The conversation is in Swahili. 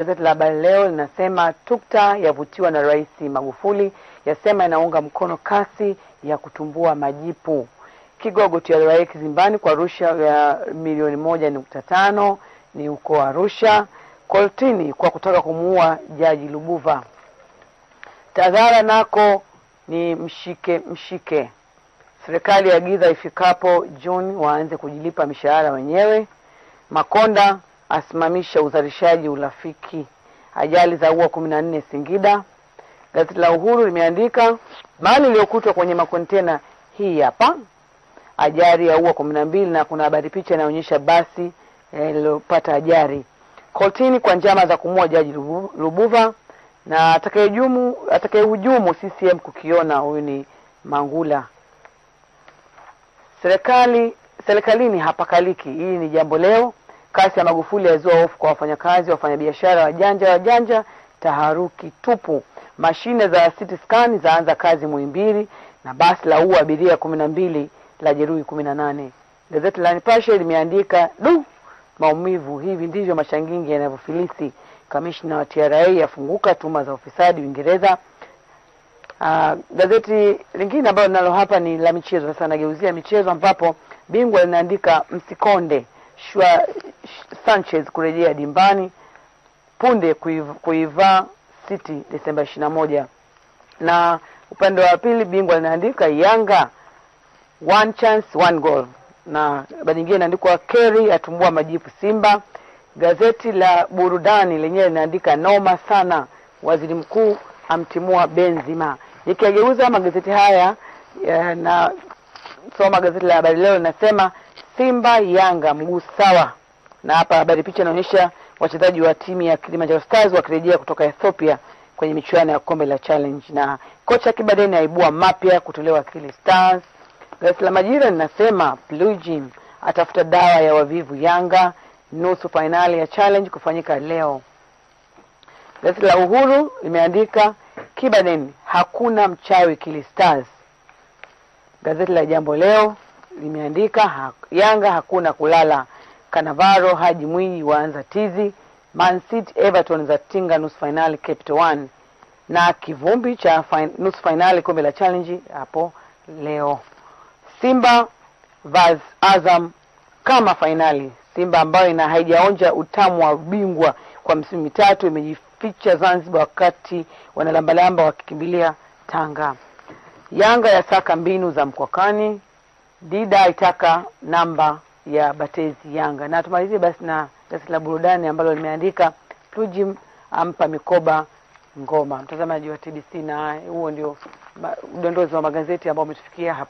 Gazeti la Habari Leo linasema tukta yavutiwa na Rais Magufuli, yasema inaunga mkono kasi ya kutumbua majipu. Kigogo TRA kizimbani kwa Arusha ya milioni moja nukta tano ni huko Arusha. Koltini kwa kutaka kumuua Jaji Lubuva. Tazara nako ni mshike mshike. Serikali yaagiza ifikapo Juni waanze kujilipa mishahara wenyewe. Makonda asimamisha uzalishaji urafiki. Ajali za ua kumi na nne Singida. Gazeti la Uhuru limeandika mali iliyokutwa kwenye makontena hii hapa, ajali ya ua kumi na mbili, na kuna habari picha inaonyesha basi eh, lilopata ajali. Kotini kwa njama za kumua jaji Lubuva, na atakayejumu atakayehujumu CCM kukiona huyu ni Mangula. Serikali serikalini hapakaliki, hii ni Jambo Leo Kasi ya Magufuli yazua hofu kwa wafanyakazi, wafanyabiashara wajanja wajanja, taharuki tupu. Mashine za city scan zaanza kazi Muhimbili, na basi la ua abiria kumi na mbili la jeruhi kumi na nane. Gazeti la Nipashe limeandika du, maumivu, hivi ndivyo mashangingi yanavyofilisi. Kamishna wa TRA afunguka tuma za ufisadi Uingereza. Uh, gazeti lingine ambalo nalo hapa ni la michezo. Sasa nageuzia michezo, ambapo bingwa linaandika msikonde Shua Sanchez kurejea dimbani punde kuivaa City Desemba 21. na Na upande wa pili bingwa linaandika Yanga one chance one goal, na habari nyingine inaandikwa Kerry atumbua majipu Simba. Gazeti la burudani lenyewe linaandika noma sana, waziri mkuu amtimua Benzema. Nikiageuza magazeti haya eh, na soma gazeti la habari leo linasema Simba Yanga mguu sawa. Na hapa habari picha inaonyesha wachezaji wa timu ya Kilimanjaro Stars wakirejea kutoka Ethiopia kwenye michuano ya kombe la Challenge, na kocha Kibadeni aibua mapya kutolewa Kili Stars. Gazeti la Majira linasema Plujim atafuta dawa ya wavivu Yanga, nusu fainali ya Challenge kufanyika leo. Gazeti la Uhuru limeandika Kibadeni hakuna mchawi Kili Stars. Gazeti la Jambo Leo limeandika ha, Yanga hakuna kulala, Kanavaro Haji Mwinyi waanza tizi, Man City Everton za tinga nusu fainali Capital One, na kivumbi cha fin, nusu fainali kombe la challenge hapo leo. Simba vs Azam kama fainali. Simba ambayo ina haijaonja utamu wa ubingwa kwa msimu mitatu imejificha Zanzibar, wakati wanalambalamba wakikimbilia Tanga. Yanga ya saka mbinu za mkwakani Dida itaka namba ya Batezi Yanga, na tumalizie basi na gazeti la burudani ambalo limeandika Tuji ampa mikoba Ngoma. Mtazamaji wa TBC, na huo ndio udondozi wa magazeti ambao umetufikia hapa.